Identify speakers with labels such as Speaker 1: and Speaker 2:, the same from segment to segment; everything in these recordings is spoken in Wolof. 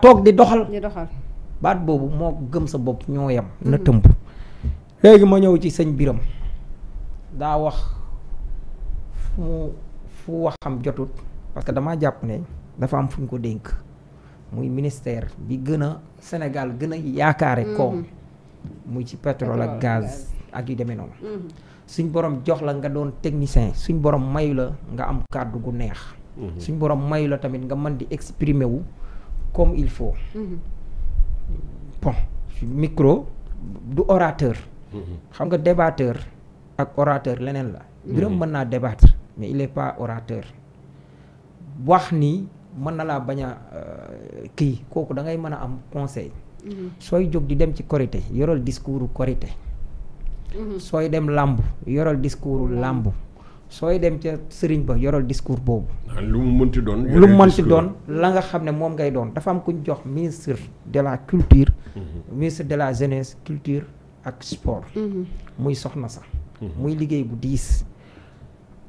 Speaker 1: toog di doxal di doxal baat boobu moo gëm sa bopp ñoo yem mhm. na tëmb léegi ma ñëw ci sëñ biram daa wax fu mu fu waxam jotut parce que damaa jàpp ne dafa am fu ñu ko dénk muy ministère bi gën a Sénégal gën a yaakaare mhm. koom muy ci pétrole ak gaz ak yu demee noonu mhm. suñ borom jox la nga doon technicien suñ borom mayu la nga am kàddu gu neex suñ borom mayu la tamit nga mën di exprimer wu comme il faut mm-hmm. bon micro du orateur mm-hmm. xam nga débatteur ak orateur leneen la Birame mm-hmm. mën naa débattre mais il est pas orateur wax ni mën na laa bañ a euh, kii kooku da ngay mën a am conseil sooy jóg di dem ci korité yoral discours korité sooy dem làmb yoral discours làmb sooy dem ca sëriñ ba yoral discours boobu. lu mu mënti doon. lu mu mënti doon la nga xam ne moom ngay doon dafa am ku ñu jox ministre de la culture. Mhm. ministre de la jeunesse culture ak sport. Mhm. muy soxna sax. Mhm. muy liggéey bu diis.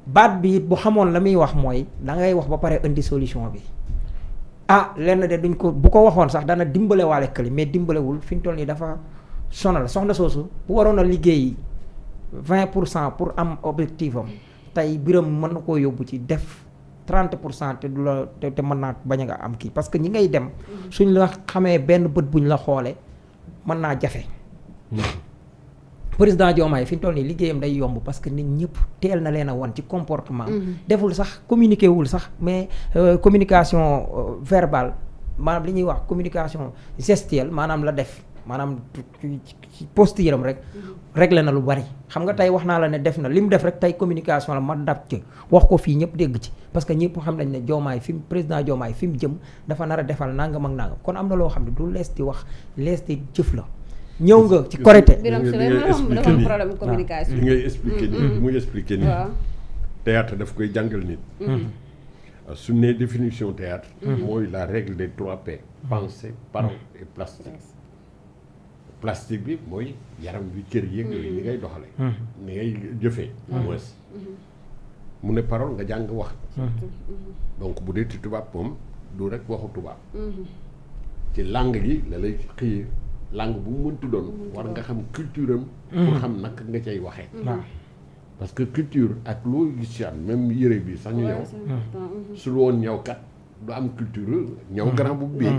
Speaker 1: baat bi it bu xamoon la muy wax mooy da ngay wax ba pare indi solution bi. ah lenn de duñ ko bu ko waxoon sax dana dimbale waale këli mais dimbalewul fi ñu toll nii dafa sonal soxna soosu bu waroon a liggéey vingt pour cent pour am objectif am. tey biram mën na koo yóbbu ci def trente pour cent te du la te mën naa bañ a nga am kii parce que ñi ngay dem. Mm-hmm. suñ la xamee benn bët buñ la xoolee mën naa jafe. Mm-hmm. président Diomaye fi mu toll nii liggéeyam day yomb parce que nit ñëpp teel na leen a wan ci comportement. Mm-hmm. deful sax communiqué wul sax mais euh, communication euh, verbale maanaam li ñuy wax communication gestuelle maanaam la def. maanaam ci posture am rek réglé na lu bari xam nga tey wax naa la ne def na li mu def rek tey communication la ma dab ci wax ko fii ñëpp dégg ci parce que ñëpp xam nañ ne Diomaye fi mu président Diomaye fi mu jëm dafa nar a defal nangam ak nangam kon am na loo xam ne du lees di wax lees di jëf la ñëw nga ci Korité li ngay expliqué nii mm-hmm. muy expliqué nii
Speaker 2: théâtre daf koy jàngal nit mm-hmm. su ne définition théâtre mm-hmm. mooy la règle des trois P pensée et plastique plastique bi mooy yaram bi cër yéeg yooyu ni mm-hmm. ngay doxale mm-hmm. ni ngay jëfee mm-hmm. moins mu ne parole nga jàng wax donc bu dee ci tubaab moom du rek waxu tubaab ci langue gi la lay xii langue bu mu mënti doon war nga xam culture am pour xam naka nga cay waxee parce que culture ak loo gis ci am même yére bi sax ñu ñëw su woon ñëw du am culture ñëw grand bu bii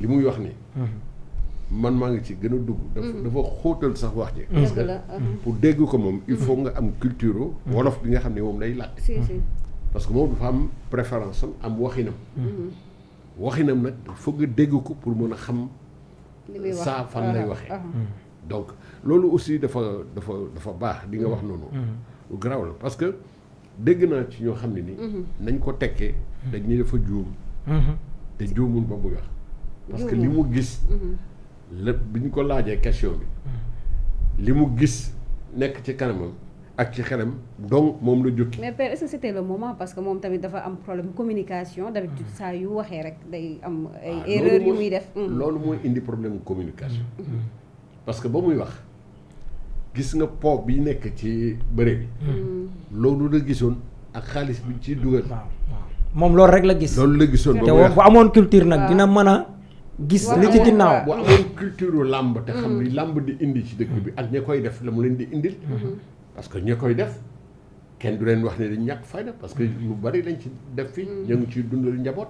Speaker 2: li muy wax ni man maa ngi ci gën a dugg. dafa mm-hmm. dafa xóotal sax wax ji. parce mm-hmm. pour dégg ko moom il faut nga am culture. Mm-hmm. wolof bi nga xam ne moom lay làkk. parce que moom dafa am préférence am am waxinam. waxinam nag foog nga dégg ko pour mën a xam.
Speaker 3: saa fan lay uh-huh. waxee. Uh-huh.
Speaker 2: donc loolu aussi dafa dafa dafa baax di nga wax noonu. lu garaaw la parce que dégg naa ci ñoo xam ne ni. nañ ko tekkee dañ ni dafa juum. te juumul ba muy wax. parce li mu gis. lépp bi ñu ko laajee question bi
Speaker 3: hmm.
Speaker 2: li mu gis nekk ci kanamam ak ci xelam donc moom la jukki
Speaker 3: mais père est parce que moom tamit dafa am problème communication d'habitude hmm. saa yu waxee rek day am ah, ay erreur yu muy def hmm. loolu
Speaker 2: mooy indi problème communication parce que ba muy wax gis nga po bi nekk ci bëre bi loolu la gisoon ak xaalis bi ci dugal
Speaker 1: moom loolu rek la gis loolu la gisoon bu amoon culture nag dina mën a gis li ci ginnaaw
Speaker 2: bu amoon culture làmb te xam li mm-hmm. làmb di indi ci dëkk bi ak ña koy def la mu leen di indil mm-hmm. parce que ña koy def kenn du leen wax ne dañ ñàkk fayda parce que lu bari lañ ci def fii ñoo ngi ciy dundal njaboot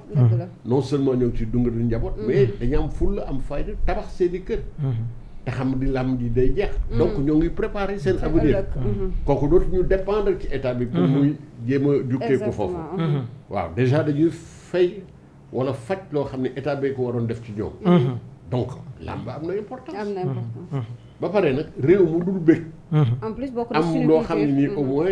Speaker 2: non seulement ñoo ngi ci dundal njaboot mm-hmm. mais dañu am fulla am fayda tabax seeni kër te xam di làmb ji day jeex donc ñoo ngi préparer seen avenir kooku ñu dépendre ci état bi pour muy jéem a jukkee ko foofu waaw déjà dañuy wala faj loo xam ne état bee ko waroon def ci ñoom. Mhm. donc làmb am na importance. am na
Speaker 3: mhm.
Speaker 2: ba pare nag réew mu dul bëgg. Mhm.
Speaker 3: en am loo xam ne nii au moins.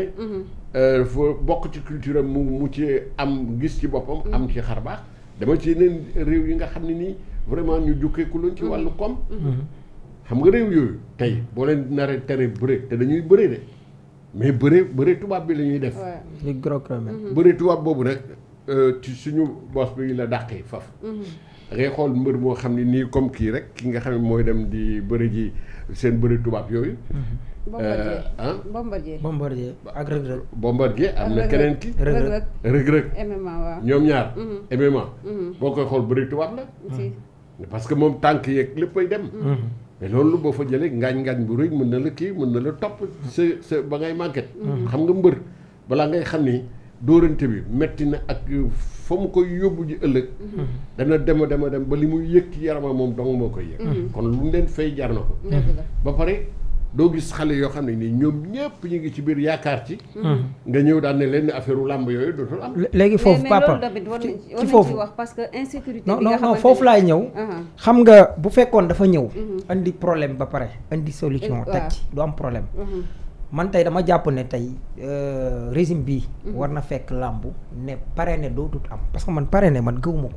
Speaker 2: Euh, fa bokk ci culture am mu mu ci am gis ci boppam. am ci xar baax dama ci yeneen réew yi nga xam ne nii vraiment ñu jukkeeku loon ci wàllu koom. xam nga réew yooyu tey boo leen naree tere bëre te dañuy bëre de mais bëre bëre tubaab bi la ñuy def.
Speaker 1: waaw
Speaker 2: bëre tubaab boobu nag. Euh, ci suñu bos bi la dàqee faf
Speaker 1: a
Speaker 2: ngay xool mbër moo xam ne nii comme kii rek ki nga xam ne mooy dem di bëri ji seen bëri tubaab yooyu. Mm-hmm. Euh,
Speaker 1: bombardier ah bombardier. bombardier
Speaker 2: ak Reug Reug. bombardier am na keneen ki. Reug Reug Reug MMA ñoom ñaar. MMA. Mm-hmm. Mm-hmm. boo koy xool bëri tubaab la. parce que moom tànk yeeg léppay dem. mais loolu boo fa jëlee ngaañ-ngaañ bu rëy mën na la kii mën na la topp sa sa ba ngay màgget. xam nga mbër balaa ngay xam ni. dóorante bi metti na ak fa mu koy yóbbu ji ëllëg mm-hmm. dana dema dema dem ba li muy yëg ci yaramam moom dong moo koy yëg mm-hmm. kon lu leen fay jar na ko mm-hmm. ba pare doo gis xale yoo xam ne nii ñoom ñëpp ñu ngi ci biir yaakaar ci nga ñëw daan ne leen affaire u làmb yooyu dootul am léegi foofu papa
Speaker 3: ci foofu wax parce que insécurité non non
Speaker 2: foofu laay ñëw
Speaker 1: uh-huh. xam nga bu fekkoon dafa ñëw indi problème ba pare indi solution eh, teg ci du am problème man tey dama jàpp ne tey euh, régime bi mhm. war na fekk làmb ne ne dootut am parce que man ne man gëwuma ko.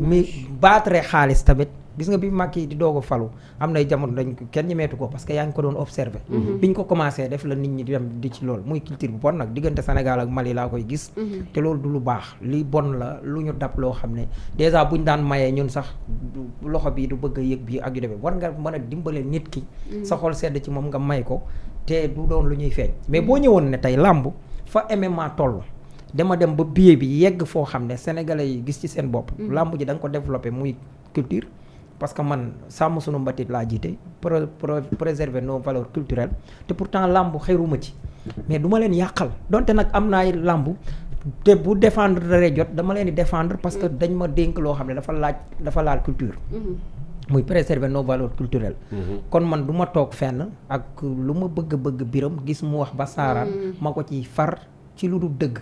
Speaker 1: mais baatere xaalis tamit gis nga bi yi di doog a falu am na jamono dañ ko kenn ñemeetu ko parce que yaa ngi ko doon observé mhm. bi ñu ko commencé def la nit ñi di dem di ci lool muy culture bu bon nag diggante Sénégal ak Mali laa koy gis mhm. te loolu du lu baax li bon la lu ñu dab loo xam ne dèjà ñu daan mayee ñun sax loxo bi du bëgg a yëg bi ak yu demee war nga mën a dimbale nit ki mhm. sa xol sedd ci moom nga may ko te du doon lu ñuy feeñ mais boo ñëwoon ne tey làmb fa MMA toll dama dem ba billet bi yegg foo xam ne sénégalais yi gis ci seen bopp. Mm. làmb ji danga ko développé muy culture. parce que man sàmm sunu mbatit laa jiite pro pro préserver nos valeurs culturelles te pourtant làmb xeeruma ci. mais duma leen yàqal donte nag am naay làmb te bu défendre daree jot dama leen di défendre parce que mm. dañ ma dénk loo xam ne dafa laaj dafa laal culture. Mm-hmm. muy préserver nos valeurs culturelles. Mm-hmm. kon man du ma toog fenn ak lu ma bëgg bëgg biram gis mu wax ba saaraan mm. ma ko ci far ci lu dul dëgg.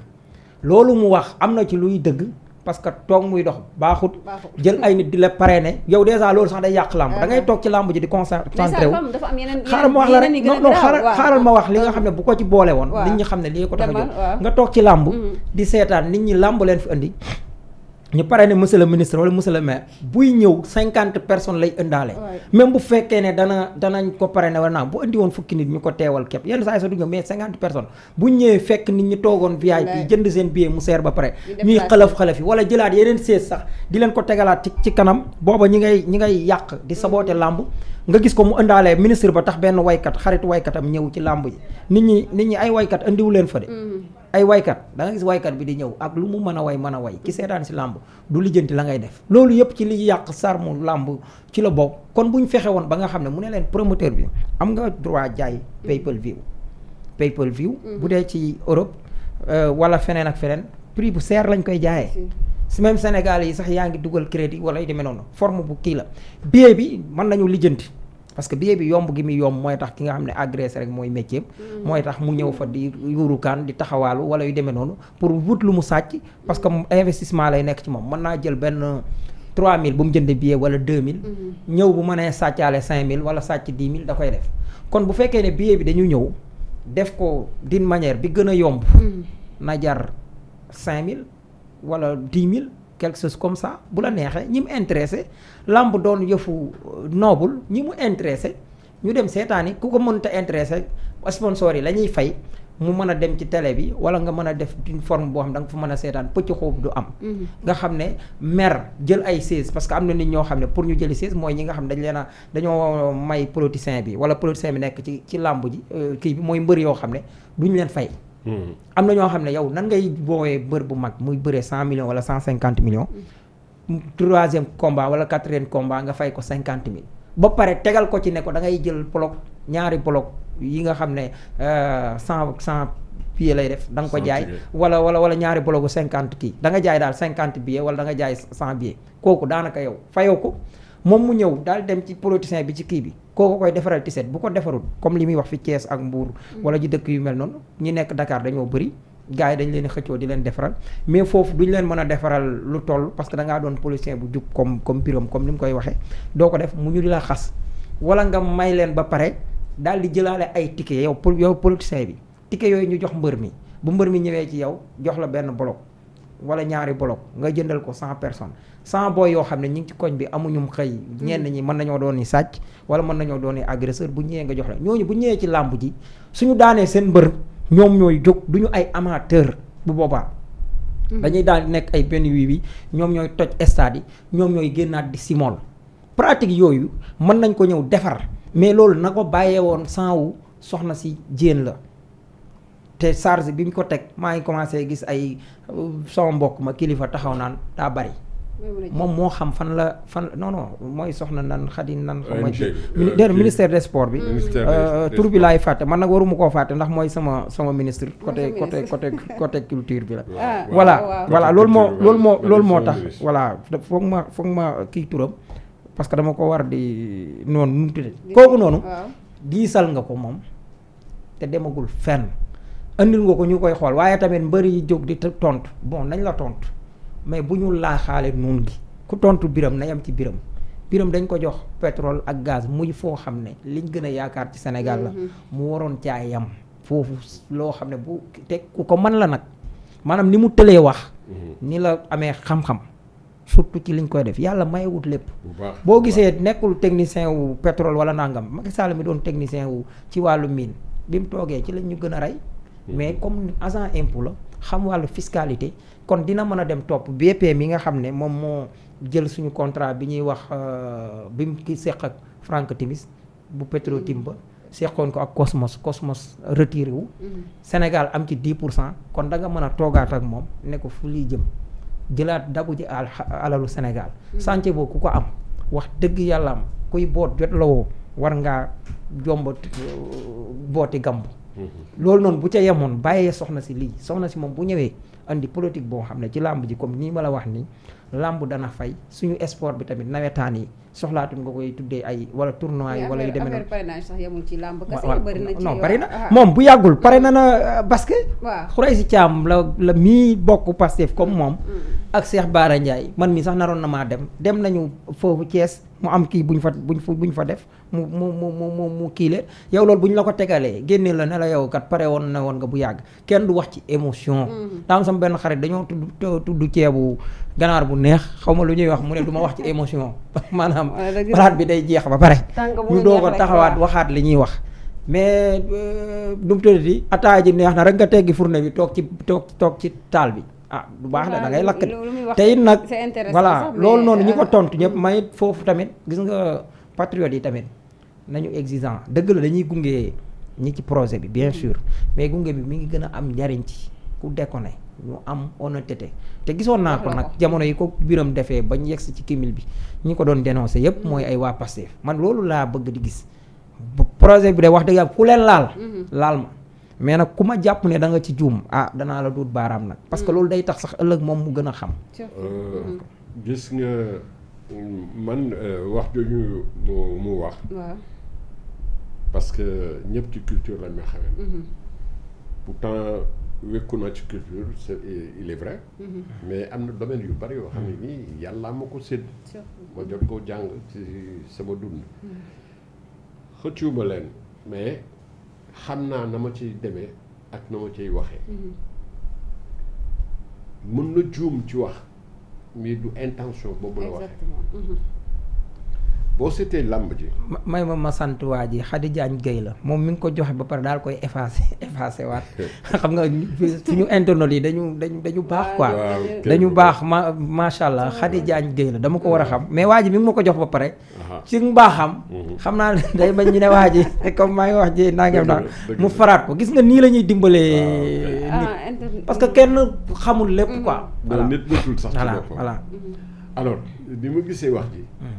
Speaker 1: loolu mu wax am na ci luy dëgg parce que toog muy dox baaxut. jël ay nit di la ne yow déjà loolu sax day yàq làmb ah, da ngay ah. toog ci làmb ji di concentré wu. xaaral ma wax la rek non non xaaral wax li nga ah. xam ne bu ko ci boole woon. nit ñi xam ne lii ko tax a jóg nga toog ci làmb. Mm-hmm. di seetaan nit ñi làmb leen fi indi ñu pare ne monsieur le ministre wala monsieur le maire buy ñëw cinquante personnes lay indaale. même bu fekkee ne dana danañ ko pare ne war naa bu andi woon fukki nit ñu ko teewal képp yenn saa yi sa dugg mais cinquante personnes bu ñëwee fekk nit ñi toogoon VIP jënd seen billet mu seer ba pare. ñuy xalaf xalaf yi wala jëlaat yeneen sees sax di leen ko tegalaat ci ci kanam booba ñu ngay ñi ngay yàq di saboter làmb nga gis ko mu indaalee ministre ba tax benn waykat xaritu waykatam ñëw ci làmb yi nit ñi nit ñi ay waykat andiwu leen fa de mm-hmm. ay waykat da gis waykat bi di ñëw ak lu mu mën a way mën a way ki seetaan si làmb du lijjanti la ngay def loolu yëpp ci li yàq sarmu làmb ci la bokk kon bu ñu fexe woon ba nga xam ne mu ne leen promoteur bi am nga droit jaay mm-hmm. pay per view pay view mm-hmm. bu dee ci Europe euh, wala feneen ak feneen prix bu seer lañ koy jaayee si même Sénégal yi sax yaa ngi dugal crédit wala yu demee noonu forme bu kii la bie bi mën nañu lijjanti parce que billet bi yomb gi muy yomb mooy tax ki nga xam ne agressé rek mooy métier mm. mooy tax mu ñëw fa di yuurukaan di taxawaalu wala yu demee noonu pour wut lu mu sàcc parce que investissement lay nekk ci moom mën naa jël benn 3000 bu mu jënd billet wala mille mm-hmm. ñëw bu mën mënee sàccaale mille wala sàcc 10 000 da koy def kon bu fekkee ne billet bi dañu ñëw def ko d'une manière bi gën a yomb. Mm. na jar 5000 wala dix mille quelque chose comme ça bu la neexee ñi mu intéressé làmb doon yëfu euh, noble ñi mu intéressé ñu dem seetaani ku ko mënta intéressé sponsor yi lañuy ñuy fay mu mën a dem ci tele bi wala nga mën a def une form boo xam da nga fa mën a seetaan pëcc xoob du am. Mhm. nga xam ne mer jël ay seize parce que am na nit ñoo xam ne pour ñu jëli seize mooy ñi nga xam dañ leen a dañoo may politicien bi wala politicien bi nekk ci ci làmb ji euh, kii bi mooy mbër yoo xam ne duñ leen fay. Mm. am na ñoo xam ne yow nan ngay woowee bër bu mag muy bëree cent millions wala cent cinquante millions. Mm, troisième combat wala quatrième combat nga fay ko cinquante mille. ba pare tegal ko ci ne ko dangay jël bloc ñaari bloc yi nga xam ne euh, cent cent billets lay def. da nga ko jaay wala wala wala ñaari bloc cinquante kii. da nga jaay daal cinquante bie wala danga nga jaay cent billets kooku daanaka yow fayoo ko. moom mu ñëw daal dem ci politicien bi ci kii bi kooku koy defaral tiset bu ko defarul comme li muy wax fi Thiès ak mbur wala ji dëkk yu mel noonu ñi nekk Dakar dañoo bëri gars yi dañ leen xëccoo di leen defaral mais foofu duñ leen mën a defaral lu toll parce que da doon politicien bu jub comme comme biram comme ni mu koy waxee doo ko def mu ñu di la xas wala nga may leen ba pare daal di jëlaale ay ticket yow yow politicien bi ticket yooyu ñu jox mbër mi bu mbër mi ñëwee ci yow jox la benn bloc wala ñaari bloc nga jëndal ko cent personnes cent boy yoo xam ne ñi ngi ci koñ bi amuñu xëy mm. ñenn ñi mën nañoo doon ni sàcc wala mën nañoo doon ni agresseur bu ñëwee nga jox la ñooñu bu ñëwee ci làmb ji suñu daanee seen mbër ñoom ñooy jóg du ñu ay amateur bu boobaa mm. dañuy daan nekk ay benn wii bi ñoom ñooy toj stade yi ñoom ñooy génnaat di simol pratique yooyu mën nañ ko ñëw defar mais loolu na ko bàyyee woon sans wu soxna si jéen la te charge bi ñu ko teg maa ngi commencé gis ay sama mbokk ma kilifa taxaw naan daa bari. moom moo xam fan la fan non non mooy soxna nan xadi nan. xam nga euh, ministère de sport bi. Euh, euh, tur bi laay fàtte man nag waruma koo fàtte ndax mooy sama sama ministre. côté côté côté côté culture bi la. Ah, voilà voilà loolu moo loolu moo loolu moo tax. voilà foog ma foog ma kii turam parce que dama ko war di noonu nu mu kooku noonu. giisal nga ko moom te demagul fenn. andil nga ko ñu koy xool waaye tamit mbër yi jóg di tontu bon nañ la tontu mais bu laa laaxaale noonu gi ku tontu biram na yam ci biram biram dañ ko jox pétrole ak gaz muy foo xam ne liñ gën a yaakaar ci Sénégal la mhm. mu waroon caa yam foofu loo xam ne bu te ku ko man la nag maanaam ni mu tëlee wax mhm. ni la amee xam-xam surtout ci liñ koy def yàlla mayewut lépp boo gisee nekkul technicien wu pétrole wala nangam Macky Sall mi doon technicien wu ci wàllu mine bi mu toogee ci lañ ñu gën a rey mais comme agent impôt la xam wàllu fiscalité kon dina mën a dem topp BP mi nga xam ne moom moo jël suñu contrat bi ñuy wax euh, bi mu ki seq ak Frank Timis bu timba seqoon ko ak Cosmos Cosmos retiré wu mhm. Sénégal am ci 10 pour cent kon da nga mën a toogaat ak moom ne ko fu liy jëm jëlaat dabu ji al alalu Sénégal mhm. chantier boo ku ko am wax dëgg yàlla am kuy boot jot la woo war ngaa jombat euh, booti gamb loolu noonu bu ca yemoon bàyyee soxna si lii soxna si moom bu ñëwee andi politique boo xam ne ci làmb ji comme nii ma wax nii làmb dana fay suñu sport bi tamit nawetaan yi soxlaatul nga koy tuddee ay wala tournoi yi wala yu demee noonu parrainage sax yemul ci làmb kese bari bari na ah. moom bu yàggul pare na na euh, basket. waaw xurey si caam la la mii bokk Pastef comme moom. Mm. ak Cheikh Baara Ndiaye man mi sax naroon na maa dem dem nañu foofu Thiès mu am kii buñ fa buñ fa buñ fa def mu mu mu mu mu kiile yow loolu bu ñu la ko tegalee génnee la ne la yow kat pare woon na woon nga bu yàgg kenn du wax ci émotion. Mm-hmm. daa am sama benn xarit dañoo tudd tudd ceebu ganaar bu neex xaw ma lu ñuy wax mu ne du ma wax ci émotion maanaam. palaat bi day jeex ba pare.
Speaker 3: ñu doo ko taxawaat
Speaker 1: waxaat li ñuy wax. mais euh, nu mu tëddee ataaya ji neex na rek nga teggi fourne bi toog ci toog toog ci taal bi. ah du baax da da ngay lakk de te it nag voilà loolu noonu ñi ko euh, tontu ñëpp may foofu tamit gis nga patriotes yi tamit nañu exigeant dëgg la dañuy gunge ñi ci projet bi bien mm-hmm. sûr mais gunge bi mi ngi gën a am njariñ ci ku déconné ñu am honnêteté te gisoon naa ko nag jamono yi ko biram defee ba bañ yegsi ci kimil bi ñi ko doon dénoncé yëpp mm-hmm. mooy ay waa Pastef man loolu laa bëgg di gis projet bi de wax dëgg yàlla ku leen laal mm-hmm. laal ma mais nag ku ma jàpp ne danga ci juum ah danaa la duut baaraam nag parce que mm. loolu day tax sax ëllëg moom mu gën a xam
Speaker 3: euh, mm-hmm.
Speaker 2: gis nga man euh, wax jooju mu mu wax parce que ñëpp ci culture lañ ma xamee mm-hmm. pourtant wékku naa ci culture c'est il est mm-hmm. mais am na domaine yu bari yoo xam ne nii mm. yàlla ma ko sédd ma jot koo jàng ci sama dund xëccuwuma leen mais xam naa na ma ciy demee ak na ma ciy waxee mm-hmm. mën na juum ci wax mii du intention boobu la waxee boo seetee làmb ji.
Speaker 1: may ma ma sant waa ji Khady jaañ Gueye la moom mi ngi ko joxe ba pare daal koy effacé effacé waat xam nga suñu internautes yi dañu dañu dañu baax quoi. dañu baax ma macha allah Khady jaañ Gueye la dama ko war a xam mais waa ji mi ngi ma ko jox ba pare. ci mbaaxam. Mhm. xam naa ne day bañ ñu ne waa ji comme maa ngi wax ji nangam daal mu faraat ko gis nga nii la ñuy dimbalee. Ah, nit parce que kenn xamul lépp ko mhm. voilà nit ñëpp sax ci mhm. alors ni ma gisee wax ji.